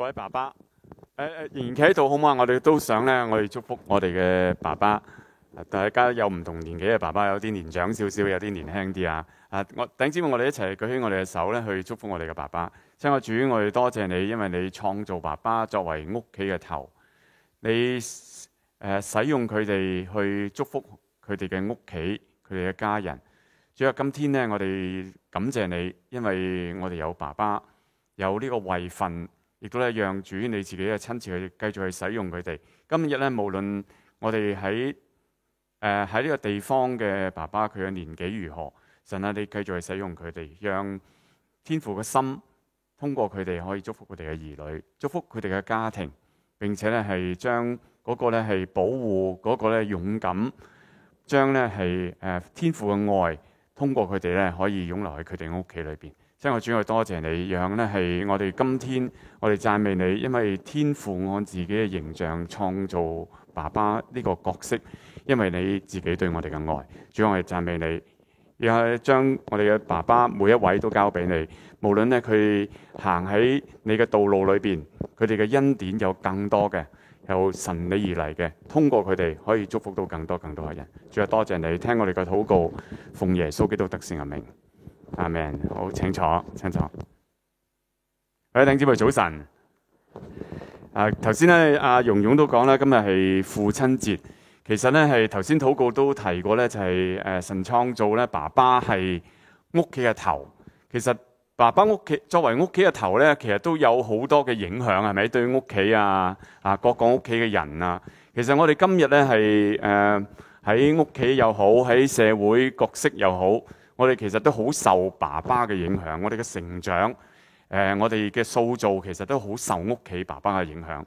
各位爸爸，誒、呃、誒，仍然企喺度好嘛？我哋都想咧，我哋祝福我哋嘅爸爸。大家有唔同年紀嘅爸爸，有啲年長少少，有啲年輕啲啊。啊，我等住我哋一齊舉起我哋嘅手咧，去祝福我哋嘅爸爸。請我主，我哋多謝你，因為你創造爸爸作為屋企嘅頭，你誒、呃、使用佢哋去祝福佢哋嘅屋企，佢哋嘅家人。主啊，今天呢，我哋感謝你，因為我哋有爸爸，有呢個位分。亦都咧，讓主你自己嘅親自去繼續去使用佢哋。今日咧，無論我哋喺誒喺呢個地方嘅爸爸佢嘅年紀如何，神啊，你繼續去使用佢哋，讓天父嘅心通過佢哋可以祝福佢哋嘅兒女，祝福佢哋嘅家庭，並且咧係將嗰個咧係保護嗰個咧勇敢，將咧係誒天父嘅愛通過佢哋咧可以湧流喺佢哋屋企裏邊。以我主要多謝你，樣，呢係我哋今天我哋讚美你，因為天父按自己嘅形象創造爸爸呢個角色，因為你自己對我哋嘅愛，主要我哋讚美你，然後將我哋嘅爸爸每一位都交俾你，無論呢，佢行喺你嘅道路裏邊，佢哋嘅恩典有更多嘅，有神理而嚟嘅，通過佢哋可以祝福到更多更多嘅人。主要多謝你，聽我哋嘅禱告，奉耶穌基督得勝嘅名。阿 Man，好，請坐。請坐。各位弟兄姊妹，早晨。呃、才啊，頭先咧，阿蓉蓉都講啦，今日係父親節。其實咧，係頭先禱告都提過咧，就係、是、誒、呃、神創造咧，爸爸係屋企嘅頭。其實爸爸屋企作為屋企嘅頭咧，其實都有好多嘅影響，係咪？對屋企啊，啊，各個屋企嘅人啊。其實我哋今日咧係誒喺屋企又好，喺社會角色又好。我哋其實都好受爸爸嘅影響，我哋嘅成長，誒、呃，我哋嘅塑造其實都好受屋企爸爸嘅影響。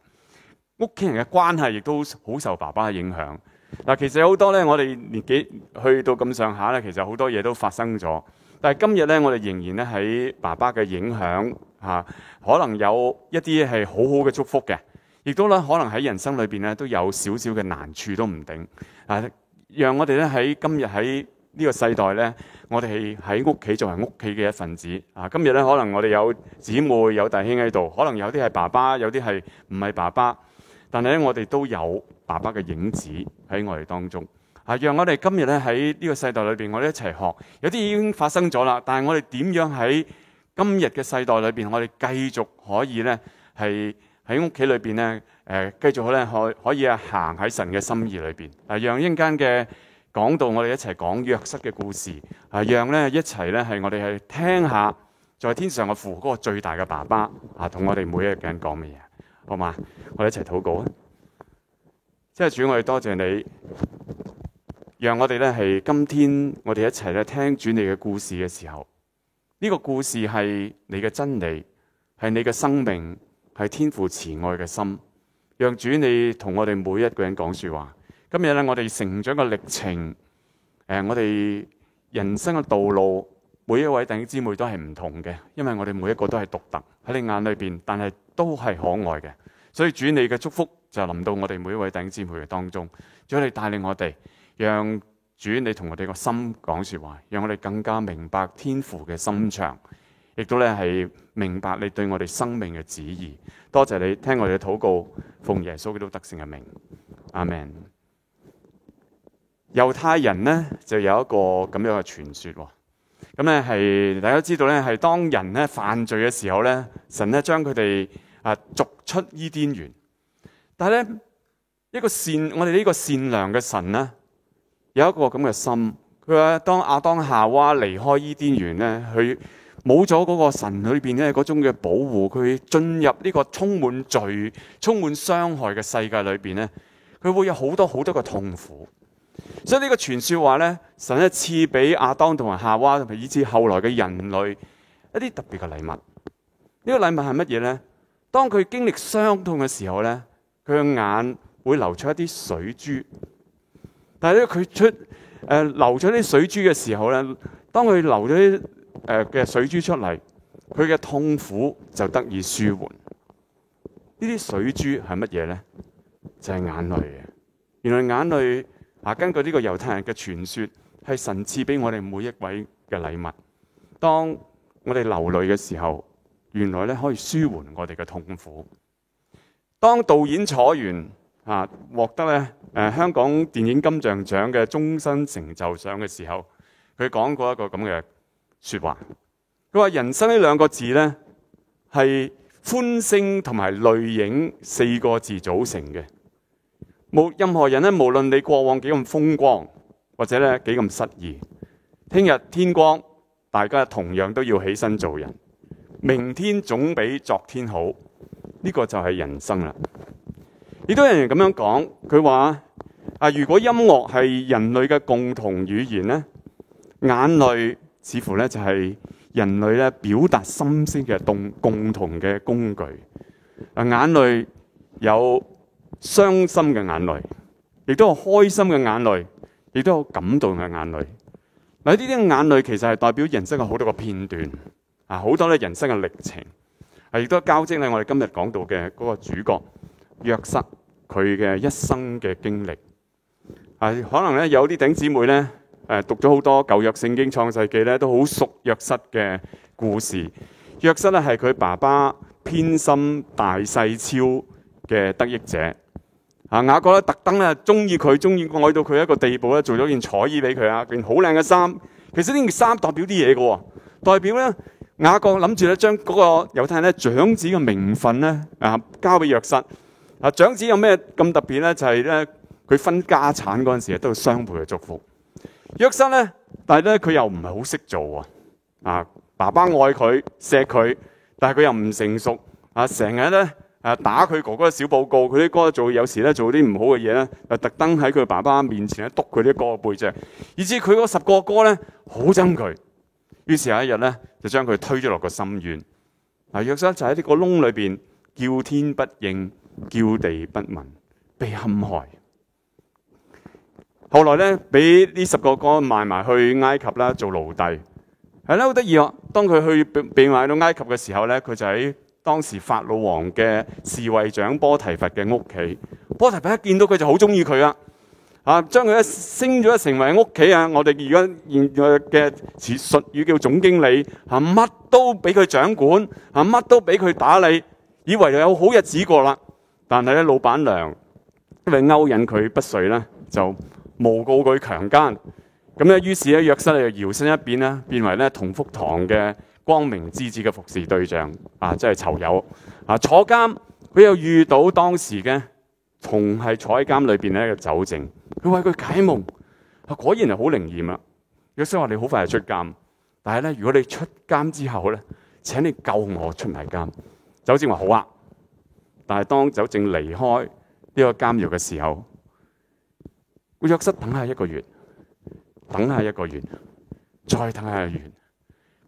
屋企人嘅關係亦都好受爸爸嘅影響。嗱，其實好多咧，我哋年紀去到咁上下咧，其實好多嘢都發生咗。但係今日咧，我哋仍然咧喺爸爸嘅影響下，啊，可能有一啲係好好嘅祝福嘅，亦都咧可能喺人生裏邊咧都有少少嘅難處都唔定啊。讓我哋咧喺今日喺呢個世代咧。我哋喺屋企作為屋企嘅一份子啊！今日咧，可能我哋有姊妹、有弟兄喺度，可能有啲係爸爸，有啲係唔係爸爸，但係咧，我哋都有爸爸嘅影子喺我哋當中啊！讓我哋今日咧喺呢個世代裏邊，我哋一齊學，有啲已經發生咗啦，但係我哋點樣喺今日嘅世代裏邊，我哋繼續可以咧係喺屋企裏邊咧誒，繼續咧可可以啊行喺神嘅心意裏邊啊！讓一陣間嘅。講到我哋一齊講約瑟嘅故事，係、啊、讓咧一齊咧係我哋去聽下在天上嘅父嗰個最大嘅爸爸啊，同我哋每一個人講乜嘢，好嘛？我哋一齊禱告啊！即係主，我哋多謝你，讓我哋咧係今天我哋一齊咧聽主你嘅故事嘅時候，呢、這個故事係你嘅真理，係你嘅生命，係天父慈愛嘅心。讓主你同我哋每一個人講說話。今日咧、呃，我哋成長嘅歷程，誒，我哋人生嘅道路，每一位弟兄姊妹都係唔同嘅，因為我哋每一個都係獨特喺你眼裏邊，但係都係可愛嘅。所以主你嘅祝福就臨到我哋每一位弟兄姊妹嘅當中，主你帶領我哋，讓主你同我哋個心講説話，讓我哋更加明白天父嘅心腸，亦都咧係明白你對我哋生命嘅旨意。多謝你聽我哋嘅禱告，奉耶穌基督得勝嘅名，阿門。猶太人咧就有一個咁樣嘅傳說，咁咧係大家知道咧係當人咧犯罪嘅時候咧，神咧將佢哋啊逐出伊甸園。但係咧，一個善我哋呢個善良嘅神咧有一個咁嘅心，佢話當亞當夏娃離開伊甸園咧，佢冇咗嗰個神裏邊咧嗰種嘅保護，佢進入呢個充滿罪、充滿傷害嘅世界裏邊咧，佢會有好多好多嘅痛苦。所以呢個傳說話咧，神一賜俾亞當同埋夏娃同埋以至後來嘅人類一啲特別嘅禮物。呢、這個禮物係乜嘢咧？當佢經歷傷痛嘅時候咧，佢嘅眼會流出一啲水珠。但係咧，佢、呃、出誒流咗啲水珠嘅時候咧，當佢流咗啲誒嘅水珠出嚟，佢嘅痛苦就得以舒緩。呢啲水珠係乜嘢咧？就係、是、眼淚嘅。原來眼淚。啊！根據呢個猶太人嘅傳說，係神賜俾我哋每一位嘅禮物。當我哋流淚嘅時候，原來咧可以舒緩我哋嘅痛苦。當導演楚原啊獲得咧誒、呃、香港電影金像獎嘅終身成就獎嘅時候，佢講過一個咁嘅説話。佢話人生呢兩個字咧，係歡聲同埋淚影四個字組成嘅。冇任何人咧，無論你過往幾咁風光，或者咧幾咁失意，聽日天光，大家同樣都要起身做人。明天總比昨天好，呢個就係人生啦。亦都有人咁樣講，佢話啊，如果音樂係人類嘅共同語言咧，眼淚似乎咧就係人類咧表達心聲嘅共共同嘅工具。啊，眼淚有。傷心嘅眼淚，亦都有開心嘅眼淚，亦都有感動嘅眼淚。嗱，呢啲眼淚其實係代表人生嘅好多個片段，啊，好多咧人生嘅歷程，亦都交織咧我哋今日講到嘅嗰個主角約瑟佢嘅一生嘅經歷。啊，可能咧有啲頂姊妹咧，誒讀咗好多舊約聖經創世記咧，都好熟約瑟嘅故事。約瑟咧係佢爸爸偏心大細超嘅得益者。啊！雅各咧特登咧中意佢，中意愛到佢一個地步咧，做咗件彩衣俾佢啊，件好靚嘅衫。其實呢件衫代表啲嘢嘅，代表咧雅各諗住咧將嗰個猶太人咧長子嘅名分咧啊交俾約瑟。啊，長子有咩咁特別咧？就係咧佢分家產嗰陣時，都要雙倍嘅祝福。約瑟咧，但係咧佢又唔係好識做啊！爸爸愛佢錫佢，但係佢又唔成熟啊，成日咧。誒，打佢哥哥嘅小報告，佢啲哥，哥做有時咧做啲唔好嘅嘢咧，就特登喺佢爸爸面前咧督佢啲哥，哥嘅背脊，以至佢嗰十個哥咧好憎佢。於是有一日咧，就將佢推咗落個深淵。嗱，約瑟就喺呢個窿裏邊叫天不應，叫地不聞，被陷害。後來咧，俾呢十個哥賣埋去埃及啦，做奴隸。係啦，好得意喎！當佢去被賣到埃及嘅時候咧，佢就喺。當時法老王嘅侍衛長波提佛嘅屋企，波提佛一見到佢就好鍾意佢啦，啊將佢一升咗成為屋企啊！我哋而家現在嘅詞術語叫總經理，啊乜都俾佢掌管，啊乜都俾佢打理，以為又有好日子過啦。但係咧，老闆娘因為勾引佢不遂咧，就誣告佢強姦。咁咧，於是咧，約瑟就搖身一變咧，變為咧同福堂嘅光明之子嘅服侍對象啊，即係囚友啊，坐監，佢又遇到當時嘅同係坐喺監裏邊咧嘅酒政，佢為佢解夢，啊果然係好靈驗啦。約瑟話：你好快就出監，但係咧，如果你出監之後咧，請你救我出埋監。酒政話：好啊。但係當酒政離開呢個監獄嘅時候，約瑟等下一個月，等下一個月，再等下一個月。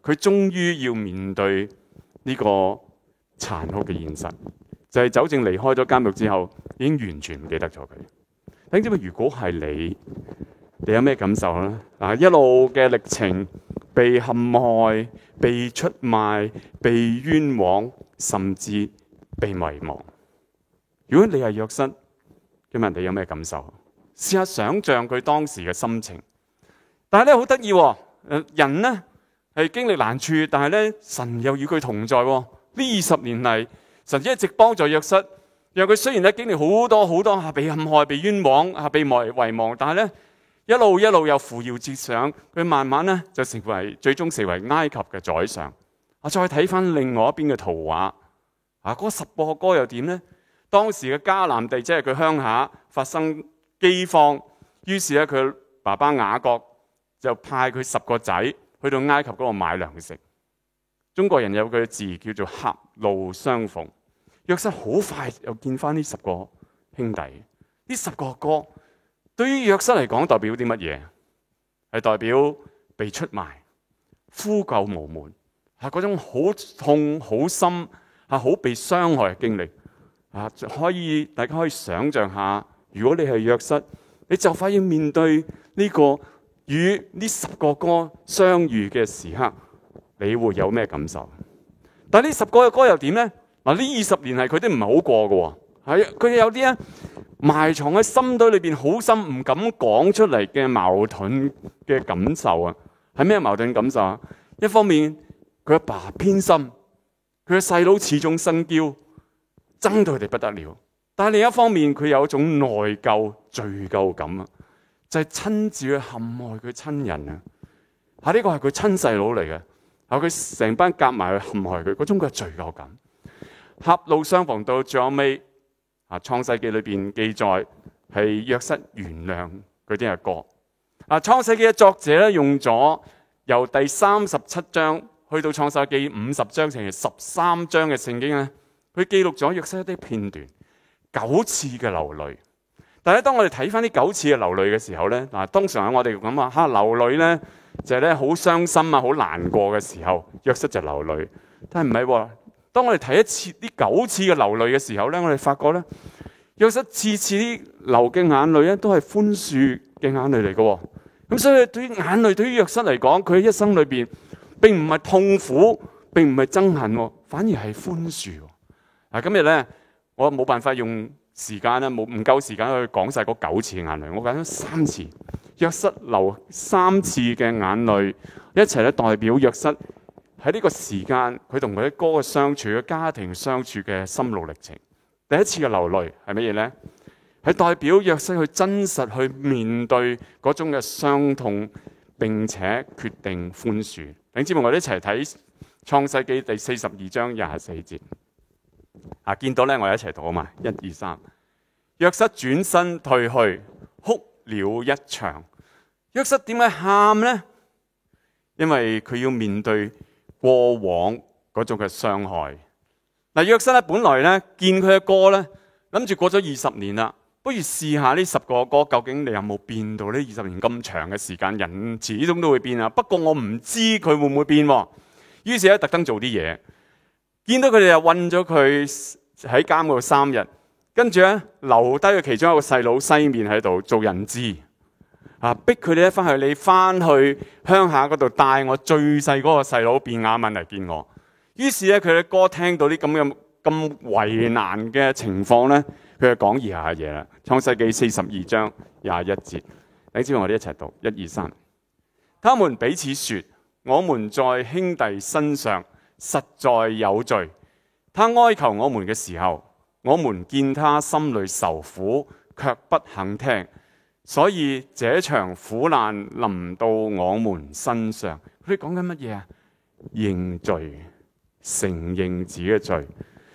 佢終於要面對呢個殘酷嘅現實，就係酒政離開咗監獄之後，已經完全唔記得咗佢。等知唔知？如果係你，你有咩感受咧？嗱，一路嘅歷程，被陷害、被出賣、被冤枉，甚至被遺忘。如果你係約瑟，咁問你有咩感受？試下想像佢當時嘅心情。但係咧，好得意喎！誒，人呢。係經歷難處，但係咧神又與佢同在，哦。呢二十年嚟，神一直幫助約瑟，讓佢雖然咧經歷好多好多被陷害、被冤枉、被埋遺忘，但係咧一路一路又扶搖直上。佢慢慢咧就成為最終成為埃及嘅宰相。我再睇翻另外一邊嘅圖畫啊，嗰十個哥哥又點咧？當時嘅迦南地即係佢鄉下發生饑荒，於是咧佢爸爸雅各就派佢十個仔。去到埃及嗰度買糧食，中國人有句字叫做“狹路相逢”。約瑟好快又見翻呢十個兄弟，呢十個哥對於約瑟嚟講代表啲乜嘢？係代表被出賣、呼救無門，係嗰種好痛、好深、好被傷害嘅經歷。啊，可以大家可以想象下，如果你係約瑟，你就快要面對呢、這個。與呢十個哥相遇嘅時刻，你會有咩感受？但係呢十個嘅哥又點咧？嗱，呢二十年係佢啲唔係好過嘅喎，係佢有啲咧埋藏喺心底裏邊，好深唔敢講出嚟嘅矛盾嘅感受啊！係咩矛盾感受啊？一方面佢阿爸，爸偏心，佢嘅細佬始終身嬌，憎到佢哋不得了；但係另一方面，佢有一種內疚、罪疚感啊！就係親自去陷害佢親人啊！吓，啊呢個係佢親細佬嚟嘅，吓佢成班夾埋去陷害佢，嗰種嘅罪惡感。狹路相逢到最後尾，啊，《創世記》裏面記載係約瑟原諒佢啲哥哥。啊，《創世記》嘅作者咧用咗由第三十七章去到《創世記》五十章成十三章嘅聖經咧，佢記錄咗約瑟一啲片段，九次嘅流淚。但係當我哋睇翻呢九次嘅流淚嘅時候咧，嗱，通常我哋咁話，嚇流淚咧就係咧好傷心啊，好難過嘅時候，約瑟就流淚。但係唔係喎？當我哋睇一次呢九次嘅流淚嘅時候咧，我哋發覺咧，約瑟次次啲流嘅眼淚咧都係寬恕嘅眼淚嚟嘅。咁所以對於眼淚，對於約瑟嚟講，佢一生裏面並唔係痛苦，並唔係憎恨，反而係寬恕。嗱，今日咧我冇辦法用。時間咧冇唔夠時間去講晒嗰九次眼淚，我講咗三次。約瑟流三次嘅眼淚，一齊咧代表約瑟喺呢個時間佢同佢啲哥嘅相處嘅家庭相處嘅心路歷程。第一次嘅流淚係乜嘢咧？係代表約瑟去真實去面對嗰種嘅傷痛，並且決定寬恕。請諸位我哋一齊睇創世記第四十二章廿四節。啊！見到咧，我一齊讀啊嘛，一二三。約瑟轉身退去，哭了一場。約瑟點解喊咧？因為佢要面對過往嗰種嘅傷害。嗱，約瑟咧本來咧見佢嘅哥咧，諗住過咗二十年啦，不如試下呢十個哥究竟你有冇變到呢？二十年咁長嘅時間，人始終都會變啊。不過我唔知佢會唔會變，於是咧特登做啲嘢。見到佢哋又困咗佢喺監嗰度三日，跟住咧留低佢其中一個細佬西面喺度做人質。啊，逼佢哋返翻去，你翻去鄉下嗰度帶我最細嗰個細佬便雅憫嚟見我。於是咧佢哋哥聽到啲咁嘅咁為難嘅情況咧，佢就講以下嘅嘢啦。創世記四十二章廿一節，你知唔知，我哋一齊讀，一二三。他們彼此說，我們在兄弟身上實在有罪，他哀求我們嘅時候，我們見他心裏受苦，却不肯聽，所以這場苦難臨到我們身上。佢哋講緊乜嘢啊？認罪，承認自己嘅罪。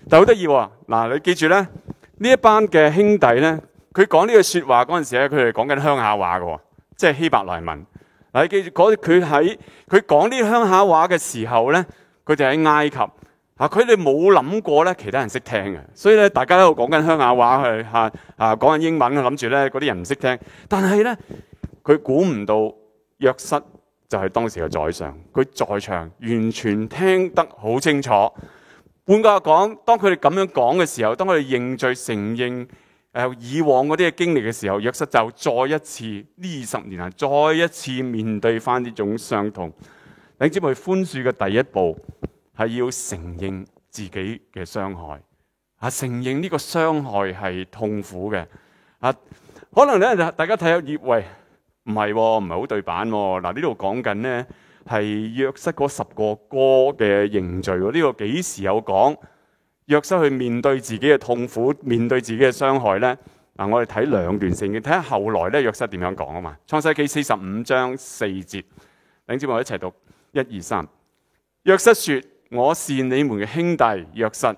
但好得意喎，嗱，你記住咧，呢一班嘅兄弟咧，佢講呢句說話嗰陣時咧，佢哋講緊鄉下話嘅，即係希伯來文。嗱，你記住佢喺佢講啲鄉下話嘅時候咧。佢哋喺埃及，啊！佢哋冇諗過咧，其他人識聽嘅。所以咧，大家喺度講緊鄉下話去，吓啊，講緊英文，諗住咧，嗰啲人唔識聽。但係咧，佢估唔到，約瑟就係當時嘅宰相，佢在場，完全聽得好清楚。換句話講，當佢哋咁樣講嘅時候，當佢哋認罪承認誒以往嗰啲嘅經歷嘅時候，約瑟就再一次呢二十年啊，再一次面對翻呢種傷痛。弟兄姊妹，寬恕嘅第一步係要承認自己嘅傷害，啊，承認呢個傷害係痛苦嘅。啊，可能咧，大家睇下葉喂，唔係喎，唔係好對版喎。嗱、啊，呢度講緊咧係約瑟嗰十個哥嘅認罪，呢個幾時有講？約瑟去面對自己嘅痛苦，面對自己嘅傷害咧。嗱、啊，我哋睇兩段聖經，睇下後來咧約瑟點樣講啊嘛。創世記四十五章四節，弟兄姊妹一齊讀。一二三，約瑟說：我是你們嘅兄弟。約瑟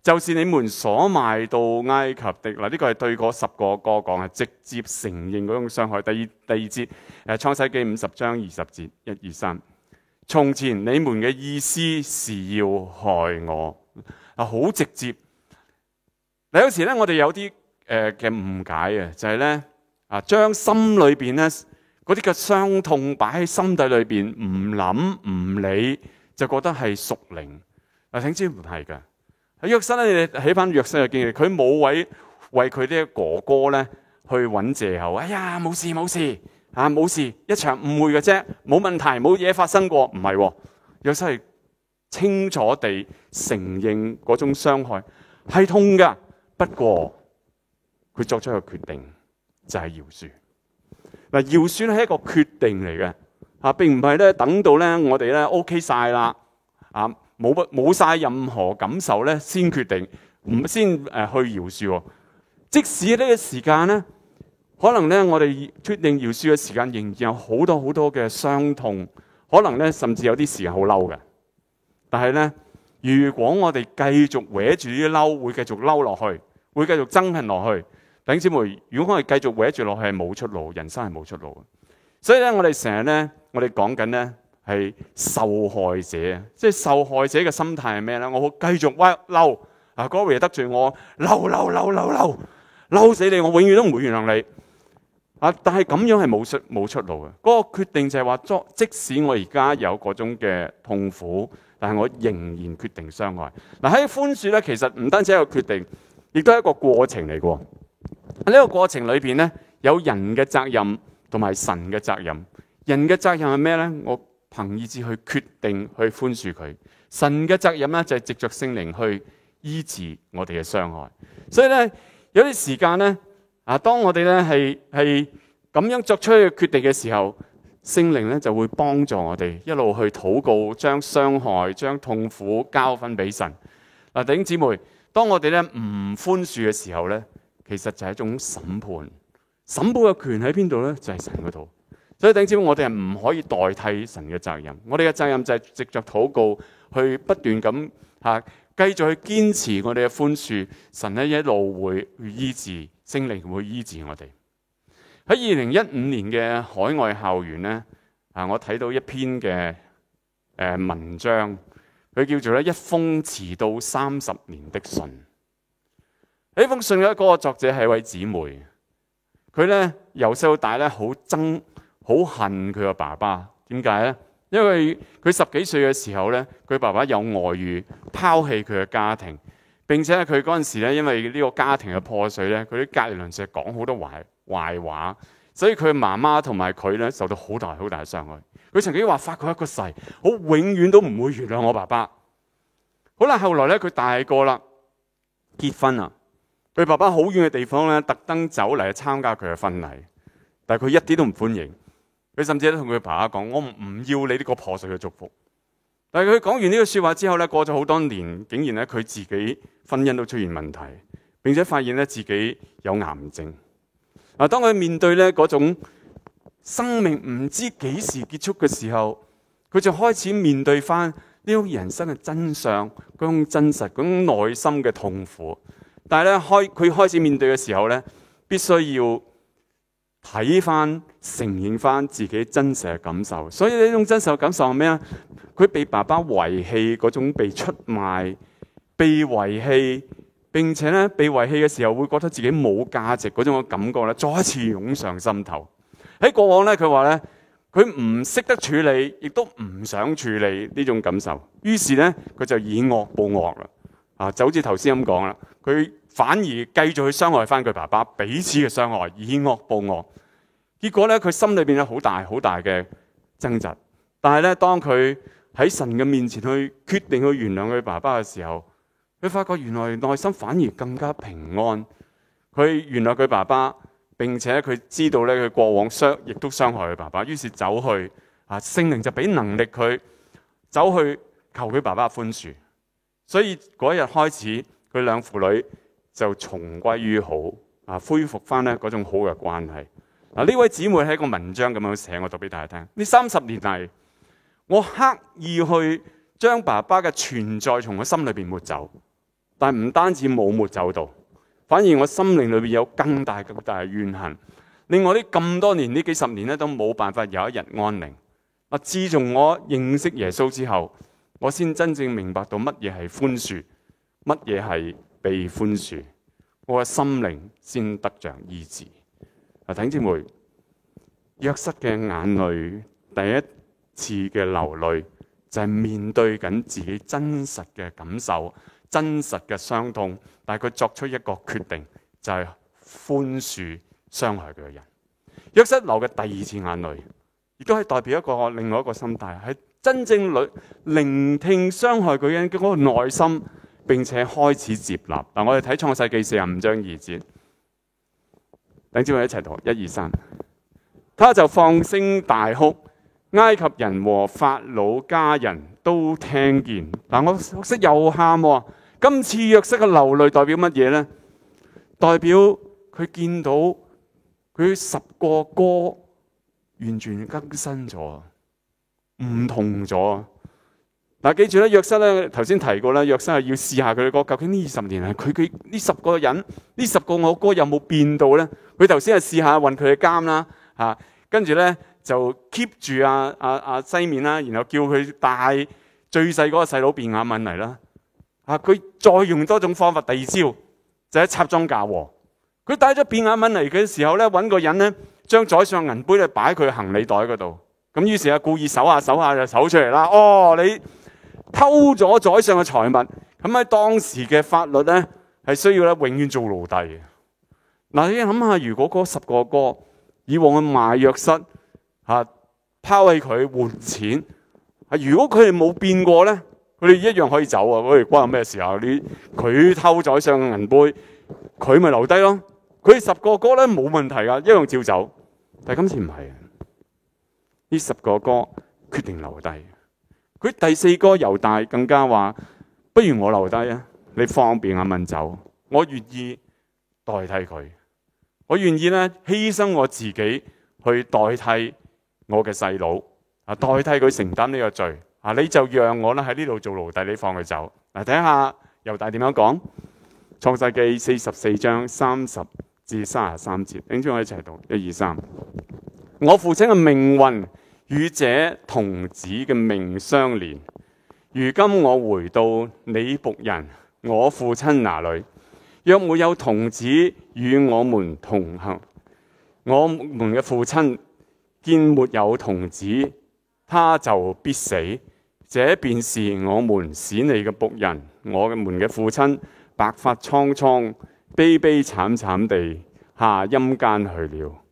就是你們所賣到埃及的。嗱，呢個係對嗰十個哥講，係直接承認嗰種傷害。第二第二節，誒，創世記五十章二十節，一二三。從前你們嘅意思是要害我，啊，好直接。嗱，有時咧，我哋有啲誒嘅誤解啊，就係咧啊，將心裏邊咧。嗰啲嘅傷痛擺喺心底裏面，唔諗唔理，就覺得係屬靈。啊，誰知唔係㗎。喺約瑟咧，你起翻約瑟嘅經歷，佢冇位為佢啲哥哥咧去揾藉口。哎呀，冇事冇事啊，冇事，一場誤會嘅啫，冇問題，冇嘢發生過，唔係。約瑟係清楚地承認嗰種傷害係痛㗎。不過佢作出嘅決定就係饒恕。嗱，饒恕係一個決定嚟嘅，嚇並唔係咧等到咧我哋咧 OK 晒啦，啊冇冇曬任何感受咧先決定唔先誒去饒恕喎。即使呢個時間咧，可能咧我哋決定饒恕嘅時間仍然有好多好多嘅傷痛，可能咧甚至有啲時候好嬲嘅。但係咧，如果我哋繼續歪住啲嬲，會繼續嬲落去，會繼續憎恨落去，頂姊妹，如果我哋繼續搵住落去，係冇出路，人生係冇出路嘅。所以咧，我哋成日咧，我哋講緊咧係受害者啊，即係受害者嘅心態係咩咧？我會繼續屈嬲啊！嗰位得罪我，嬲嬲嬲嬲嬲嬲死你！我永遠都唔會原諒你啊！但係咁樣係冇出冇出路嘅。嗰個決定就係話，作即使我而家有嗰種嘅痛苦，但係我仍然決定傷害嗱。喺寬恕咧，其實唔單止係一個決定，亦都係一個過程嚟嘅。喺呢個過程裏邊咧，有人嘅責任同埋神嘅責任。人嘅責任係咩呢？我憑意志去決定去寬恕佢。神嘅責任呢，就係藉着聖靈去醫治我哋嘅傷害。所以呢，有啲時間呢，啊，當我哋呢係係咁樣作出一個決定嘅時候，聖靈呢就會幫助我哋一路去禱告，將傷害、將痛苦交翻俾神。嗱、啊，弟兄姊妹，當我哋呢唔寬恕嘅時候呢。其實就係一種審判，審判嘅權喺邊度呢？就係、是、神嗰度。所以頂少我哋係唔可以代替神嘅責任。我哋嘅責任就係藉著禱告，去不斷咁嚇繼續去堅持我哋嘅寬恕。神咧，一路會去醫治，聖靈會醫治我哋。喺二零一五年嘅海外校園呢，啊，我睇到一篇嘅誒文章，佢叫做咧一封遲到三十年的信。呢封信嘅嗰個作者係一位姊妹，佢呢，佢咧由細到大咧好憎、好恨佢個爸爸。點解咧？因為佢十幾歲嘅時候咧，佢爸爸有外遇，拋棄佢嘅家庭，並且咧佢嗰陣時咧，因為呢個家庭嘅破碎咧，佢啲隔籬鄰舍講好多壞壞話，所以佢媽媽同埋佢咧受到好大好大嘅傷害。佢曾經話發過一個誓：我永遠都唔會原諒我爸爸。好啦，後來咧佢大個啦，結婚啦。佢爸爸好遠嘅地方咧，特登走嚟參加佢嘅婚禮，但係佢一啲都唔歡迎。佢甚至都同佢爸爸講：我唔要你呢個破碎嘅祝福。但係佢講完呢個說話之後咧，過咗好多年，竟然咧佢自己婚姻都出現問題，並且發現咧自己有癌症。嗱，當佢面對咧嗰種生命唔知幾時結束嘅時候，佢就開始面對翻呢種人生嘅真相，嗰種真實，嗰種內心嘅痛苦。但係咧，開佢開始面對嘅時候咧，必須要睇翻承認翻自己真實嘅感受。所以呢種真實嘅感受係咩啊？佢被爸爸遺棄嗰種被出賣、被遺棄，並且咧被遺棄嘅時候會覺得自己冇價值嗰種感覺咧，再一次湧上心頭。喺過往咧，佢話咧，佢唔識得處理，亦都唔想處理呢種感受。於是咧，佢就以惡報惡啦。啊，就好似頭先咁講啦，佢。反而繼續去傷害翻佢爸爸，彼此嘅傷害，以惡報惡。結果咧，佢心裏面有好大好大嘅掙扎。但係咧，當佢喺神嘅面前去決定去原諒佢爸爸嘅時候，佢發覺原來內心反而更加平安。佢原諒佢爸爸，並且佢知道咧佢過往傷亦都傷害佢爸爸，於是走去啊聖靈就俾能力佢走去求佢爸爸寬恕。所以嗰日開始，佢兩父女。就重歸於好啊，恢復翻咧嗰種好嘅關係。啊，呢位姊妹喺一個文章咁樣寫我，我讀俾大家聽。呢三十年嚟，我刻意去將爸爸嘅存在從我心裏邊抹走，但唔單止冇抹走到，反而我心靈裏邊有更大更大嘅怨恨，令我呢咁多年呢幾十年咧都冇辦法有一日安寧。啊，自從我認識耶穌之後，我先真正明白到乜嘢係寬恕，乜嘢係。被寬恕，我嘅心靈先得着醫治。啊，弟兄姊妹，約瑟嘅眼淚第一次嘅流淚，就係面對緊自己真實嘅感受、真實嘅傷痛，但係佢作出一個決定，就係寬恕傷害佢嘅人。約瑟流嘅第二次眼淚，亦都係代表一個另外一個心態，係真正去聆，聆聽傷害佢嘅人嗰個內心。並且開始接納，嗱，我哋睇創世記四十五章二節，等住我一齊讀，一二三。他就放聲大哭，埃及人和法老家人都聽見。嗱，我識又喊、哦，今次約瑟嘅流淚代表乜嘢咧？代表佢見到佢十個哥完全更新咗，唔同咗。嗱，記住咧，約瑟咧頭先提過啦。約瑟係要試下佢個究竟呢二十年係佢、佢呢十個人呢十個我哥有冇變到咧？佢頭先係試下混佢嘅監啦，啊，跟住咧就 keep 住啊、啊、啊西面啦，然後叫佢帶最細嗰個細佬便雅憫嚟啦。啊，佢再用多種方法，第二招就喺、是、插贓嫁禍。佢帶咗便雅憫嚟嘅時候咧，揾個人咧將宰相銀杯咧擺喺佢行李袋嗰度咁，於是啊故意搜下搜下就搜出嚟啦。哦，你。偷咗宰相嘅財物，咁喺當時嘅法律咧，係需要咧永遠做奴隸。嗱，你諗下，如果嗰十個哥以往去賣約瑟吓拋棄佢換錢，如果佢哋冇變過咧，佢哋一樣可以走啊。喂，關我咩事啊？你佢偷宰相嘅銀杯，佢咪留低咯？佢十個哥咧冇問題啊，一樣照走。但今次唔係啊，呢十個哥決定留低。佢第四個猶大更加話：不如我留低啊，你方便啊，問走，我願意代替佢，我願意咧犧牲我自己去代替我嘅細佬啊，代替佢承擔呢個罪啊，你就讓我咧喺呢度做奴隸，你放佢走。嚟睇下猶大點樣講，《創世記》四十四章三十至三十三節，影住我一齊讀，一二三，我父親嘅命運。與這童子嘅命相連，如今我回到你僕人我父親那裏，若沒有童子與我們同行，我們嘅父親見沒有童子，他就必死。這便是我們使你嘅僕人，我們嘅父親白髮蒼蒼、悲悲慘慘慘地下陰間去了。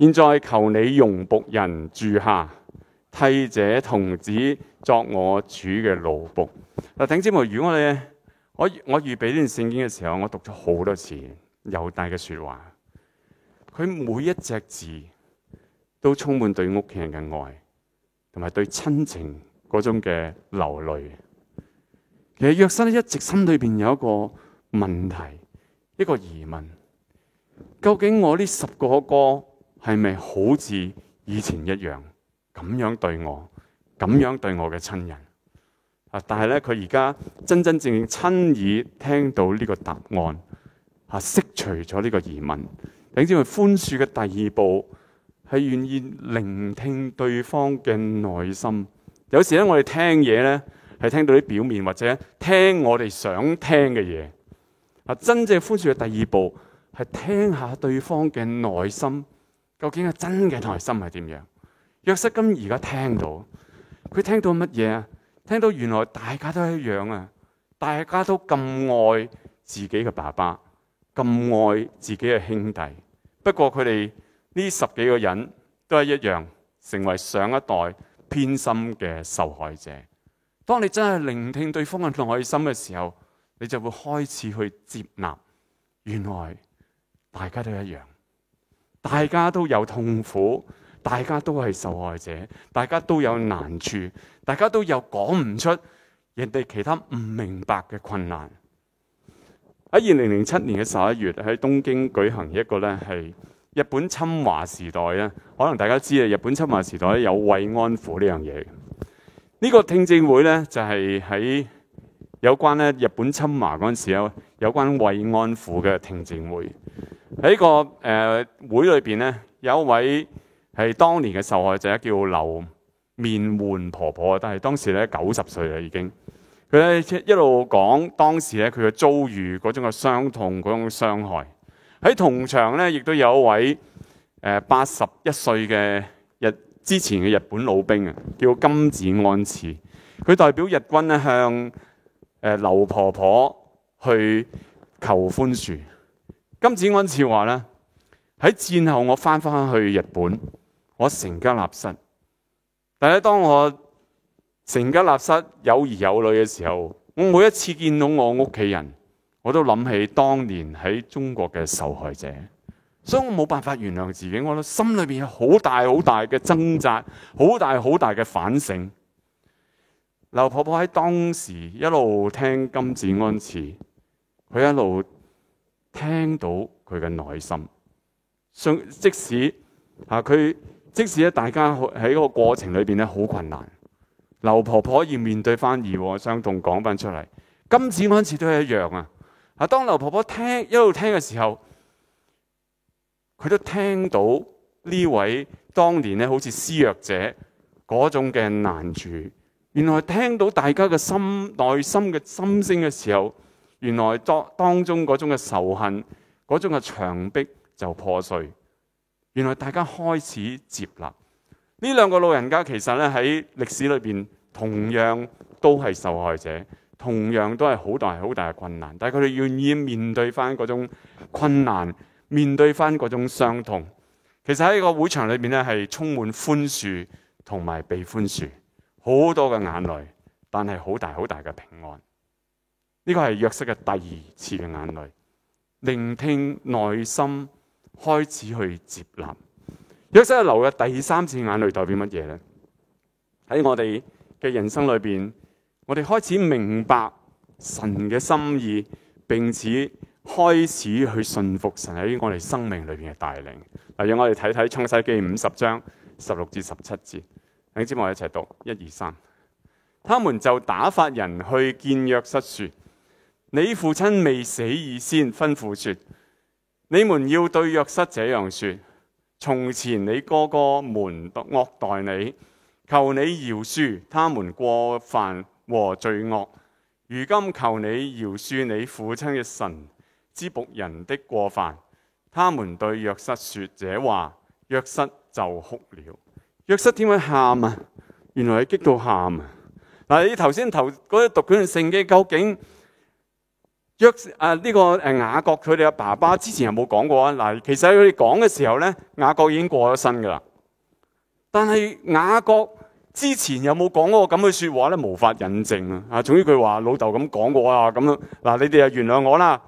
現在求你容僕人住下，替這童子作我主嘅奴僕。嗱，頂芝麻魚，我咧，我我預備呢段聖經嘅時候，我讀咗好多次，有大嘅說話。佢每一隻字都充滿對屋企人嘅愛，同埋對親情嗰種嘅流淚。其實約瑟一直心裏邊有一個問題，一個疑問：究竟我呢十個哥係咪好似以前一樣咁樣對我、咁樣對我嘅親人？啊！但係咧，佢而家真真正正親耳聽到呢個答案，嚇、啊，釋除咗呢個疑問。等先知道寬恕嘅第二步係願意聆聽對方嘅內心。有時咧，我哋聽嘢咧係聽到啲表面或者聽我哋想聽嘅嘢。啊，真正寬恕嘅第二步係聽下對方嘅內心。究竟係真嘅內心係點樣？約瑟今而家聽到，佢聽到乜嘢啊？聽到原來大家都一樣啊！大家都咁愛自己嘅爸爸，咁愛自己嘅兄弟。不過佢哋呢十幾個人都係一樣，成為上一代偏心嘅受害者。當你真係聆聽對方嘅內心嘅時候，你就會開始去接納，原來大家都一樣。大家都有痛苦，大家都係受害者，大家都有難處，大家都有講唔出人哋其他唔明白嘅困難。喺二零零七年嘅十一月，喺東京舉行一個呢係日本侵華時代咧，可能大家都知啊，日本侵華時代有慰安婦呢樣嘢。呢個聽證會呢，就係喺有關咧日本侵華嗰陣時候有關慰安婦嘅聽證會。喺、這個誒、呃、會裏邊咧，有一位係當年嘅受害者，叫劉面換婆婆，但係當時咧九十歲啦已經了。佢咧一一路講當時咧佢嘅遭遇，嗰種嘅傷痛，嗰種傷害。喺同場咧，亦都有一位誒八十一歲嘅日之前嘅日本老兵啊，叫金子安次，佢代表日軍咧向誒劉、呃、婆婆去求寬恕。金子安次話呢，喺戰後，我返返去日本，我成家立室。但係當我成家立室有兒有女嘅時候，我每一次見到我屋企人，我都諗起當年喺中國嘅受害者，所以我冇辦法原諒自己。我心裏邊有好大好大嘅掙扎，好大好大嘅反省。劉婆婆喺當時一路聽金子安次，佢一路。聽到佢嘅內心，信即使啊佢，即使咧、啊、大家喺嗰個過程裏邊咧好困難。劉婆婆要面對翻疑惑、傷痛，講翻出嚟。今次嗰次都係一樣啊！啊，當劉婆婆聽一路聽嘅時候，佢都聽到呢位當年咧好似施虐者嗰種嘅難處。原來聽到大家嘅心內心嘅心聲嘅時候。原來當當中嗰種嘅仇恨，嗰種嘅牆壁就破碎。原來大家開始接納呢兩個老人家，其實咧喺歷史裏邊同樣都係受害者，同樣都係好大好大嘅困難，但係佢哋願意面對翻嗰種困難，面對翻嗰種傷痛。其實喺個會場裏邊咧，係充滿寬恕同埋被寬恕，好多嘅眼淚，但係好大好大嘅平安。呢個係約瑟嘅第二次嘅眼淚，聆聽內心開始去接納。約瑟流嘅第三次眼淚代表乜嘢咧？喺我哋嘅人生裏邊，我哋開始明白神嘅心意，並且開始去順服神喺我哋生命裏邊嘅帶領。嗱，讓我哋睇睇《創世記》五十章十六至十七節，請知？我一齊讀一二三。他們就打發人去見約瑟，說。你父親未死以先吩咐說：你們要對約瑟這樣說。從前你哥哥們惡待你，求你饒恕他們過犯和罪惡。如今求你饒恕你父親嘅神之僕人的過犯。他們對約瑟說這話，約瑟就哭了。約瑟點樣喊啊？原來係激到喊啊！嗱，你頭先頭嗰啲讀卷聖嘅究竟？啊！呢個誒雅各佢哋嘅爸爸之前有冇講過啊？嗱，其實佢哋講嘅時候咧，雅各已經過咗身嘅啦。但係雅各之前有冇講過咁嘅説話咧？無法印證啊！啊，總之佢話老豆咁講過啊，咁樣嗱，你哋就原諒我啦。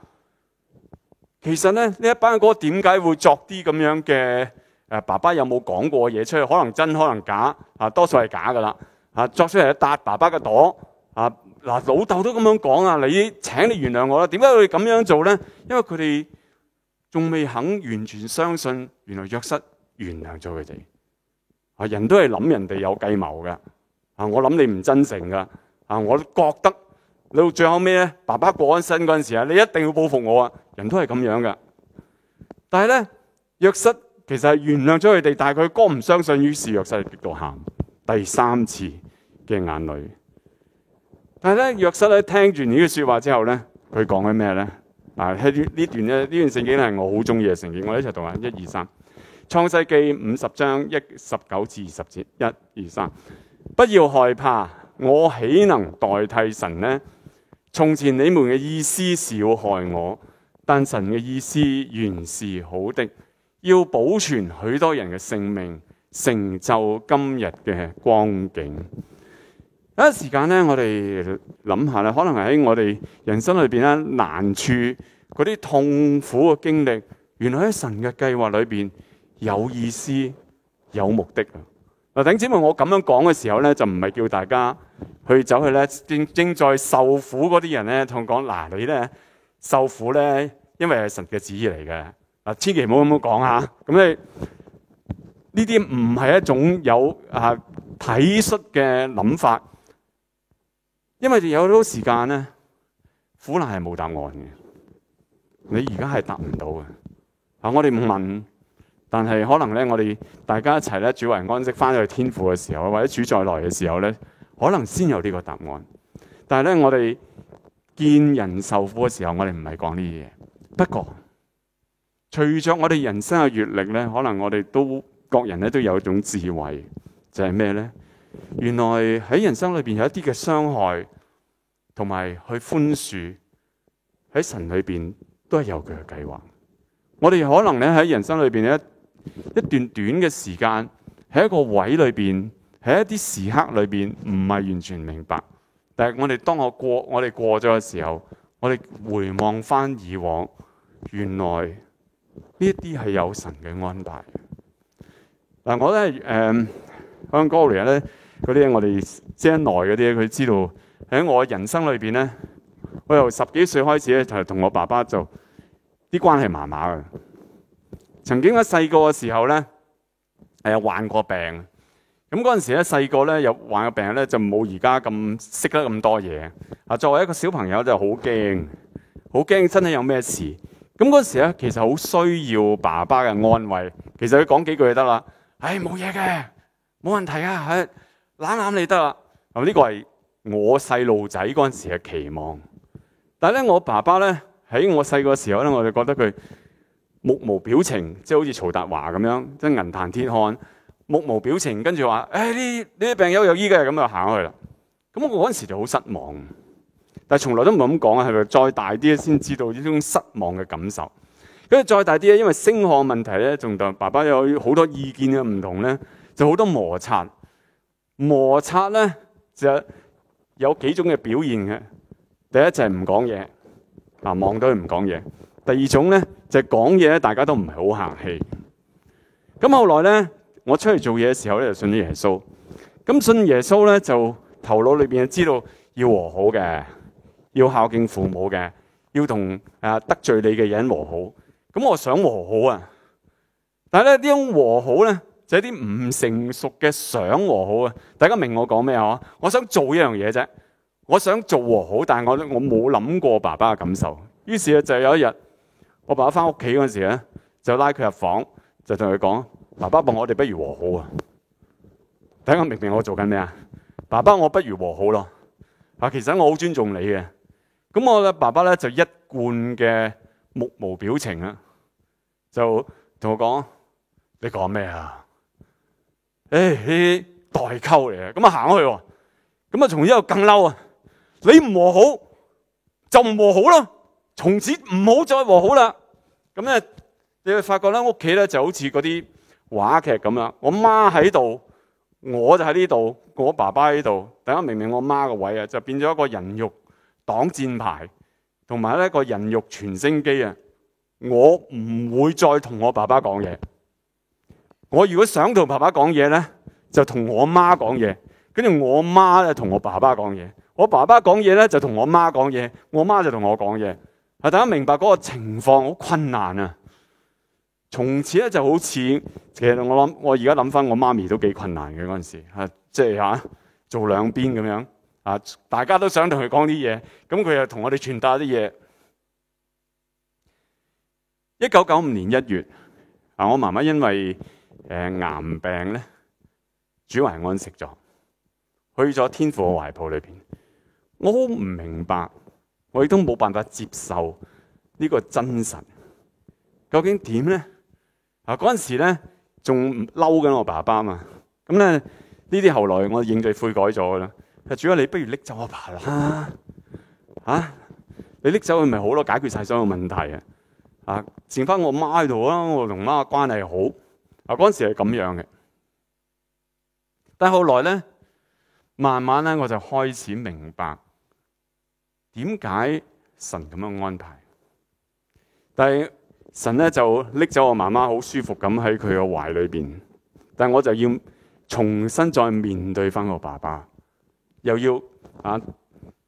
其實咧，呢一班哥點解會作啲咁樣嘅誒、啊？爸爸有冇講過嘢出去？可能真，可能假啊，多數係假嘅啦啊，作出嚟去搭爸爸嘅朵啊。嗱，老豆都咁樣講啊！你，請你原諒我啦。點解佢咁樣做咧？因為佢哋仲未肯完全相信，原來約瑟原諒咗佢哋。啊，人都係諗人哋有計謀㗎。啊，我諗你唔真誠噶。啊，我覺得你到最後尾咧，爸爸過安身嗰陣時啊，你一定要報復我啊！人都係咁樣噶。但係咧，約瑟其實係原諒咗佢哋，但係佢哥唔相信，於是約瑟就極度喊第三次嘅眼淚。但係咧，約瑟咧聽完呢句說話之後咧，佢講緊咩咧？嗱、啊，呢段咧，呢段聖經係我好中意嘅聖經，我哋一齊讀下。一二三，《創世記五十章一十九至二十節。一二三，不要害怕，我豈能代替神呢？從前你們嘅意思是要害我，但神嘅意思原是好的，要保存許多人嘅性命，成就今日嘅光景。一時間咧，我哋諗下啦，可能喺我哋人生裏邊咧，難處、嗰啲痛苦嘅經歷，原來喺神嘅計劃裏邊有意思、有目的啊！嗱，弟兄姊妹，我咁樣講嘅時候咧，就唔係叫大家去走去咧正正在受苦嗰啲人咧同講，嗱，你咧受苦咧，因為係神嘅旨意嚟嘅，嗱，千祈唔好咁講啊！咁你呢啲唔係一種有啊體恤嘅諗法。因為有好多時間咧，苦難係冇答案嘅，你而家係答唔到嘅。啊，我哋唔問，但係可能咧，我哋大家一齊咧，主懷安息，翻去天父嘅時候，或者主再來嘅時候咧，可能先有呢個答案。但係咧，我哋見人受苦嘅時候，我哋唔係講呢啲嘢。不過，隨着我哋人生嘅閱歷咧，可能我哋都各人咧都有一種智慧，就係咩咧？原來喺人生裏邊有一啲嘅傷害，同埋去寬恕喺神裏邊都係有佢嘅計劃。我哋可能咧喺人生裏邊咧一,一段短嘅時間，喺一個位裏邊，喺一啲時刻裏邊唔係完全明白，但係我哋當我過我哋過咗嘅時候，我哋回望翻，以往原來呢啲係有神嘅安排的。嗱，我咧誒，香港嚟咧。嗰啲我哋相耐嗰啲，佢知道喺我人生裏面咧，我由十幾歲開始咧，就同我爸爸就啲關係麻麻嘅。曾經咧細個嘅時候咧，係啊患過病，咁嗰陣時咧細個咧又患過病咧，就冇而家咁識得咁多嘢啊。作為一個小朋友就好驚，好驚身體有咩事。咁嗰陣時咧，其實好需要爸爸嘅安慰。其實佢講幾句就得啦。唉，冇嘢嘅，冇問題啊，哎攬攬你得啦，咁呢個係我細路仔嗰陣時嘅期望。但係咧，我爸爸咧喺我細個時候咧，我就覺得佢目無表情，即係好似曹達華咁樣，即係銀壇鐵漢，目無表情，跟住話：誒呢呢啲病友又依家係咁樣行去啦。咁我嗰陣時就好失望。但係從來都唔係咁講啊，係咪再大啲先知道呢種失望嘅感受？跟住再大啲咧，因為星漢問題咧，仲同爸爸有好多意見嘅唔同咧，就好多摩擦。摩擦咧就有幾種嘅表現嘅，第一就係唔講嘢，望到佢唔講嘢；第二種咧就係講嘢，大家都唔係好客氣。咁後來咧，我出去做嘢嘅時候咧就信咗耶穌。咁信耶穌咧就頭腦裏邊就知道要和好嘅，要孝敬父母嘅，要同誒得罪你嘅人和好。咁我想和好啊，但係咧呢種和好咧，有啲唔成熟嘅想和好啊！大家明我講咩啊？我想做一樣嘢啫，我想做和好，但係我我冇諗過爸爸嘅感受。於是啊，就有一日我爸爸翻屋企嗰陣時咧，就拉佢入房，就同佢講：爸爸，我哋不如和好啊！大家明唔明我做緊咩啊？爸爸，我不如和好咯。啊，其實我好尊重你嘅。咁我嘅爸爸咧就一貫嘅目無表情啊，就同我講：你講咩啊？誒，代溝嚟嘅，咁啊行咗去，咁啊從呢度更嬲啊！你唔和好就唔和好咯，從此唔好再和好啦。咁咧，你會發覺咧屋企咧就好似嗰啲話劇咁啦，我媽喺度，我就喺呢度，我爸爸喺度。大家明明我媽個位啊，就變咗一個人肉擋箭牌，同埋咧一個人肉傳聲機啊！我唔會再同我爸爸講嘢。我如果想同爸爸講嘢咧，就同我媽講嘢，跟住我媽咧同我爸爸講嘢，我爸爸講嘢咧就同我媽講嘢，我媽就同我講嘢。啊，大家明白嗰個情況好困難啊！從此咧就好似，其實我諗，我而家諗翻，我媽咪都幾困難嘅嗰陣時，即係做兩邊咁樣啊，大家都想同佢講啲嘢，咁佢又同我哋傳達啲嘢。一九九五年一月，啊，我媽媽因為，誒、呃、癌病咧，主為安息咗，去咗天父嘅懷抱裏面，我好唔明白，我亦都冇辦法接受呢個真實。究竟點咧？啊，嗰陣時咧仲嬲緊我爸爸嘛。咁咧呢啲後來我認罪悔改咗啦。啊，主啊，你不如拎走我爸啦？啊，你拎走佢咪好咯？解決晒所有問題啊！啊，剩翻我媽喺度啦。我同媽嘅關係好。嗱，嗰時係咁樣嘅，但係後來咧，慢慢咧，我就開始明白點解神咁樣安排。但係神咧就拎走我媽媽，好舒服咁喺佢個懷裏邊，但係我就要重新再面對翻我爸爸，又要啊，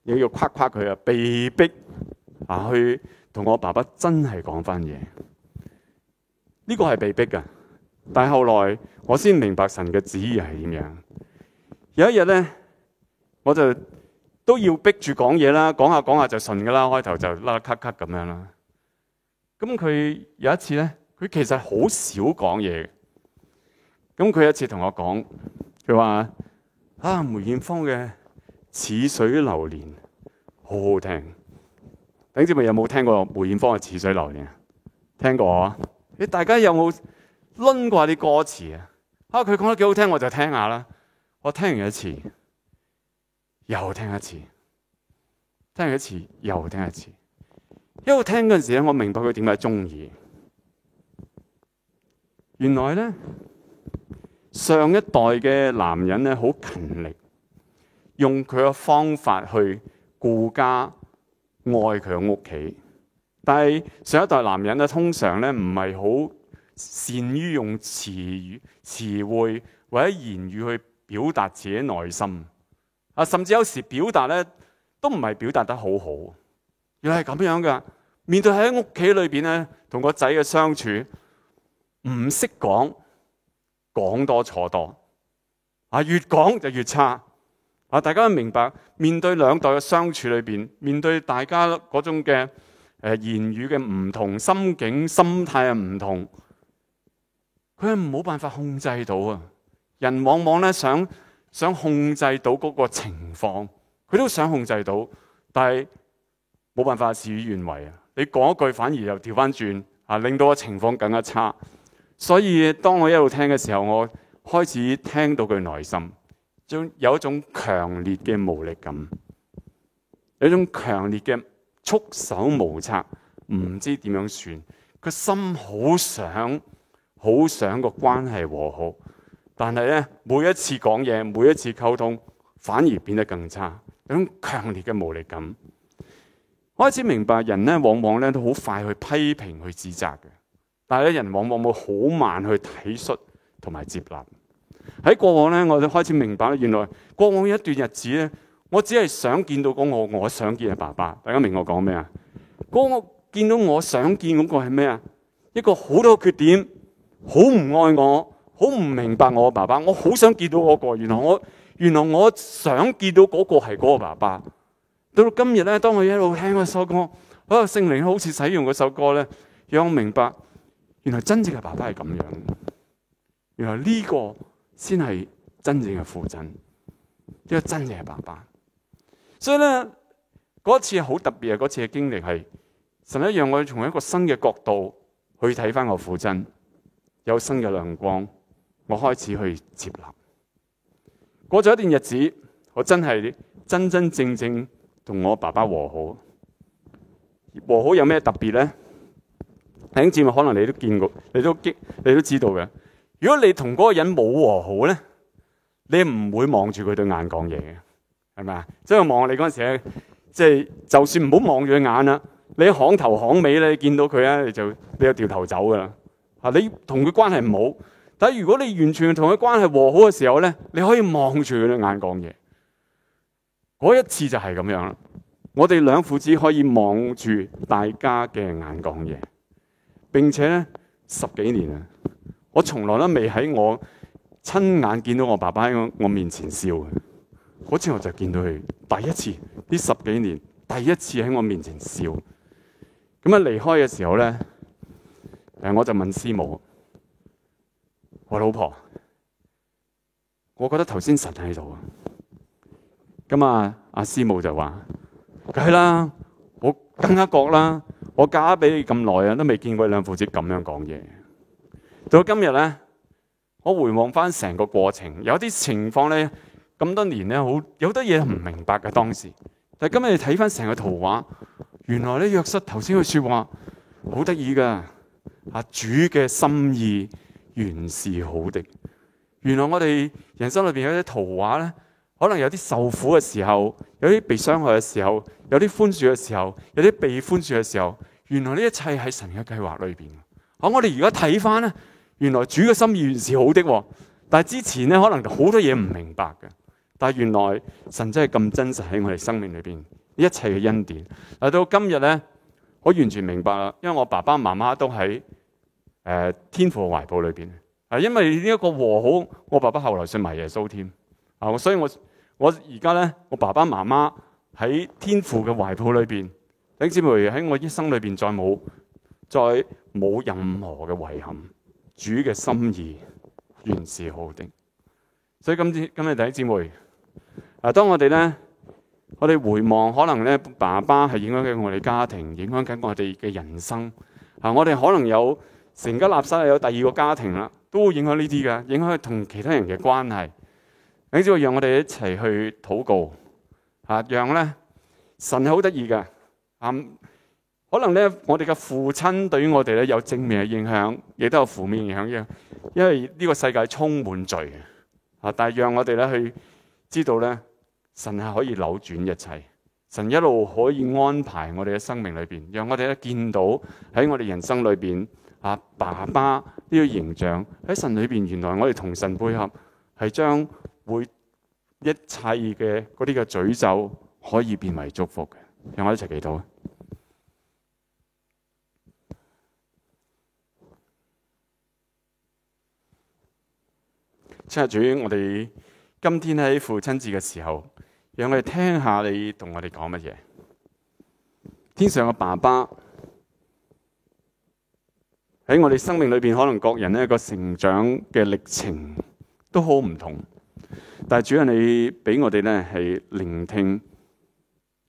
又要誇誇佢啊，被逼啊去同我爸爸真係講翻嘢，呢個係被逼㗎。但係後來，我先明白神嘅旨意係點樣。有一日咧，我就都要逼住講嘢啦，講下講下就順㗎喇。開頭就甩甩咳咳咁樣啦。咁佢有一次咧，佢其實好少講嘢。咁佢一次同我講，佢話啊梅艷芳嘅《似水流年》好好聽。等住咪有冇聽過梅艷芳嘅《似水流年》？聽過啊？你大家有冇？掄過啲歌詞啊！啊，佢講得幾好聽，我就聽下啦。我聽完一次，又聽一次，聽完一次又聽一次。因為我聽嗰陣時咧，我明白佢點解中意。原來咧，上一代嘅男人咧好勤力，用佢嘅方法去顧家、愛佢嘅屋企。但係上一代男人咧，通常咧唔係好。不是很善於用詞語、詞彙或者言語去表達自己內心啊，甚至有時表達咧都唔係表達得好好。原來係咁樣噶，面對喺屋企裏邊咧，同個仔嘅相處唔識講，講多錯多啊，越講就越差啊。大家都明白，面對兩代嘅相處裏邊，面對大家嗰種嘅誒、呃、言語嘅唔同心境、心態嘅唔同。佢係冇辦法控制到啊！人往往咧想想控制到嗰個情況，佢都想控制到，但係冇辦法，事與願違啊！你講一句反而又調翻轉啊，令到個情況更加差。所以當我一路聽嘅時候，我開始聽到佢內心，有有一種強烈嘅無力感，有一種強烈嘅束手無策，唔知點樣算。佢心好想。好想個關係和好，但係咧每一次講嘢，每一次溝通，反而變得更差，有種強烈嘅無力感。開始明白人咧，往往咧都好快去批評去指責嘅，但係咧人往往會好慢去體恤同埋接納。喺過往咧，我就開始明白，原來過往一段日子咧，我只係想見到個我我想見嘅爸爸。大家明我講咩啊？嗰個見到我想見嗰個係咩啊？一個好多個缺點。好唔愛我，好唔明白我爸爸。我好想見到嗰個，原來我原來我想見到嗰個係嗰個爸爸。到到今日咧，當我一路聽嗰首歌，啊，聖靈好似使用嗰首歌咧，讓我明白原來真正嘅爸爸係咁樣，原來呢個先係真正嘅父親，呢個真正嘅爸爸。所以咧嗰次好特別，係嗰次嘅經歷係神一讓我從一個新嘅角度去睇返我父親。有新嘅亮光，我開始去接納。過咗一段日子，我真係真真正正同我爸爸和好。和好有咩特別咧？領展可能你都見過，你都激，你都知道嘅。如果你同嗰個人冇和好咧，你唔會望住佢對眼講嘢嘅，係咪啊？即係望你嗰陣時咧，即係就算唔好望住佢眼啦，你行頭行尾咧，你見到佢咧，你就你就掉頭走噶啦。你同佢關係唔好，但如果你完全同佢關係和好嘅時候咧，你可以望住佢眼講嘢。嗰一次就係咁樣啦。我哋兩父子可以望住大家嘅眼講嘢。並且咧，十幾年啊，我從來都未喺我親眼見到我爸爸喺我，我，我面前笑。嗰次我就見到佢第一次，呢十幾年第一次喺我面前笑。咁啊，離開嘅時候咧。誒，我就問師母：我老婆，我覺得頭先神喺度啊。咁啊，阿師母就話：梗係啦，我更加覺啦，我嫁俾你咁耐啊，都未見過兩父子咁樣講嘢。到今日咧，我回望翻成個過程，有啲情況咧，咁多年咧，好有好多嘢唔明白嘅當時。但係今日你睇翻成個圖畫，原來咧，約瑟頭先佢説話好得意㗎。啊！主嘅心意原是好的，原來我哋人生裏邊有啲圖畫咧，可能有啲受苦嘅時候，有啲被傷害嘅時候，有啲寬恕嘅時候，有啲被寬恕嘅時候，原來呢一切喺神嘅計劃裏邊。好、啊、我哋而家睇返咧，原來主嘅心意原是好的，但係之前咧可能好多嘢唔明白嘅，但係原來神真係咁真實喺我哋生命裏邊，一切嘅恩典。嚟到今日咧。我完全明白啦，因為我爸爸媽媽都喺誒、呃、天父嘅懷抱裏邊。啊，因為呢一個和好，我爸爸後來信埋耶穌添。啊，所以我我而家咧，我爸爸媽媽喺天父嘅懷抱裏邊，弟兄姊妹喺我一生裏邊，再冇再冇任何嘅遺憾。主嘅心意原是好的，所以今次今日弟兄姊妹，啊，當我哋咧。我哋回望，可能咧爸爸係影響緊我哋家庭，影響緊我哋嘅人生。啊，我哋可能有成家立室，係有第二個家庭啦，都會影響呢啲噶，影響同其他人嘅關係。咁所以讓我哋一齊去禱告，啊，讓咧神係好得意噶。啊，可能咧我哋嘅父親對於我哋咧有正面嘅影響，亦都有負面影響。因為呢個世界充滿罪啊，但係讓我哋咧去知道咧。神係可以扭轉一切，神一路可以安排我哋嘅生命裏邊，讓我哋一見到喺我哋人生裏邊啊，爸爸呢個形象喺神裏邊，原來我哋同神配合係將會一切嘅嗰啲嘅詛咒可以變為祝福嘅。讓我們一齊祈禱啊！七日主，我哋今天喺父親節嘅時候。讓我哋聽下你同我哋講乜嘢？天上嘅爸爸喺我哋生命裏邊，可能各人呢個成長嘅歷程都好唔同。但係，主要你俾我哋咧係聆聽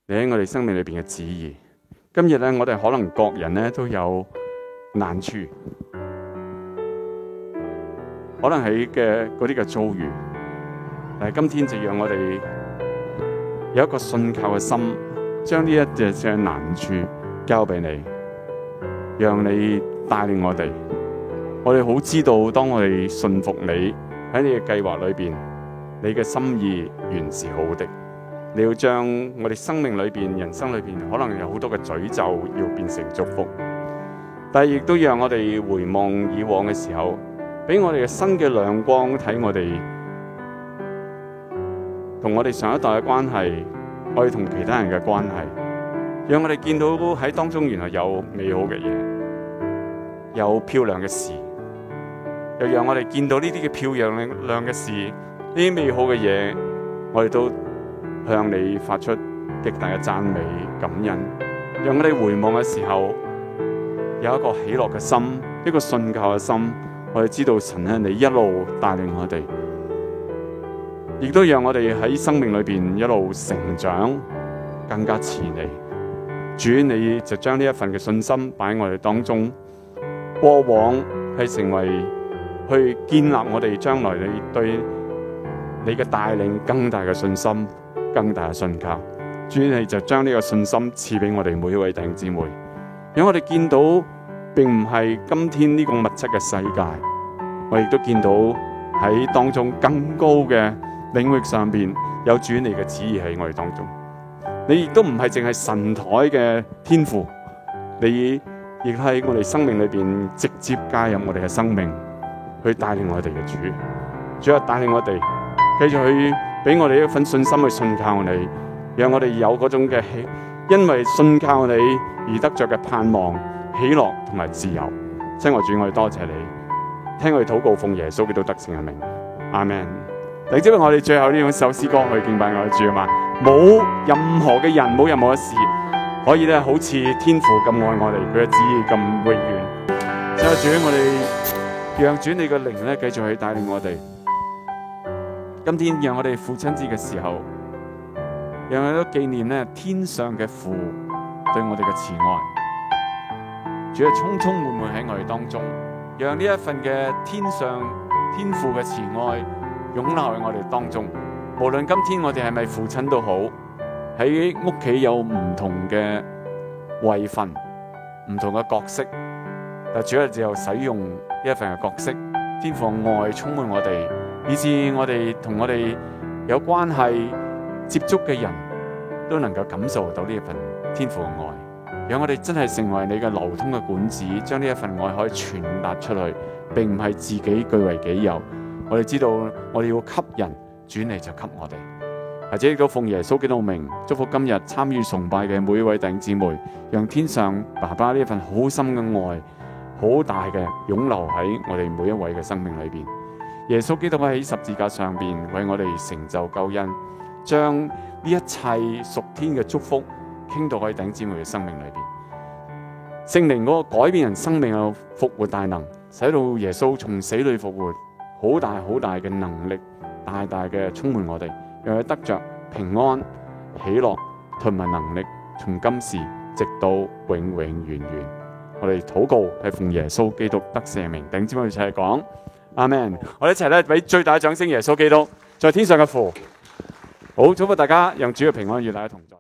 你喺我哋生命裏邊嘅旨意。今日咧，我哋可能各人咧都有難處，可能喺嘅嗰啲嘅遭遇。但係，今天就讓我哋，有一個信靠嘅心，將呢一樣難處交畀你，讓你帶領我哋。我哋好知道，當我哋信服你喺你嘅計劃裏邊，你嘅心意原是好的。你要將我哋生命裏邊、人生裏邊，可能有好多嘅詛咒，要變成祝福。但係亦都讓我哋回望以往嘅時候，畀我哋嘅新嘅亮光睇我哋。同我哋上一代嘅關係，我哋同其他人嘅關係，讓我哋見到喺當中原來有美好嘅嘢，有漂亮嘅事，又讓我哋見到呢啲嘅漂亮靚嘅事，呢啲美好嘅嘢，我哋都向你發出極大嘅讚美感恩，讓我哋回望嘅時候有一個喜樂嘅心，一個信靠嘅心，我哋知道神向你一路帶領我哋。亦都讓我哋喺生命裏邊一路成長，更加似你。主你就將呢一份嘅信心擺喺我哋當中，過往係成為去建立我哋將來你對你嘅帶領更大嘅信心，更大嘅信靠。主你就將呢個信心賜俾我哋每一位弟兄姊妹，因為我哋見到並唔係今天呢個物質嘅世界，我亦都見到喺當中更高嘅。領域上邊有主你嘅旨意喺我哋當中，你亦都唔係淨係神台嘅天父，你亦喺我哋生命裏邊直接加入我哋嘅生命，去帶領我哋嘅主，主要帶領我哋繼續去俾我哋一份信心去信靠你，讓我哋有嗰種嘅，喜。因為信靠你而得着嘅盼望、喜樂同埋自由。親愛的主，我哋多謝你，聽我哋禱告，奉耶穌基督得勝嘅名，阿門。你知唔知我哋最後呢種首詩歌去敬拜我主啊嘛？冇任何嘅人，冇任何嘅事，可以咧好似天父咁愛我哋，佢嘅旨意咁永遠。主啊，主我哋讓主你嘅靈咧繼，繼續去帶領我哋。今天讓我哋父親節嘅時候，讓佢都紀念咧天上嘅父對我哋嘅慈愛。主啊，充充滿滿喺我哋當中，讓呢一份嘅天上天父嘅慈愛。容納喺我哋當中，無論今天我哋係咪父親都好，喺屋企有唔同嘅位份、唔同嘅角色，但主要就使用呢一份嘅角色，天父嘅愛充滿我哋，以至我哋同我哋有關係接觸嘅人都能夠感受到呢一份天父嘅愛。讓我哋真係成為你嘅流通嘅管子，將呢一份愛可以傳達出去，並唔係自己據為己有。我哋知道我，吸我哋要給人轉嚟就給我哋，或者都奉耶穌基督名祝福今日參與崇拜嘅每一位弟兄姊妹，讓天上爸爸呢一份好深嘅愛，好大嘅湧流喺我哋每一位嘅生命裏邊。耶穌基督喺十字架上邊為我哋成就救恩，將呢一切屬天嘅祝福傾倒喺弟兄姊妹嘅生命裏邊。聖靈嗰個改變人生命嘅復活大能，使到耶穌從死裏復活，好大好大嘅能力，大大嘅充滿我哋，讓佢得着平安、喜樂同埋能力，從今時直到永永遠遠。我哋禱告，係奉耶穌基督得勝名。頂尖一齊講，阿門！我哋一齊咧俾最大嘅掌聲，耶穌基督在天上嘅父。好，祝福大家，讓主嘅平安與大家同在。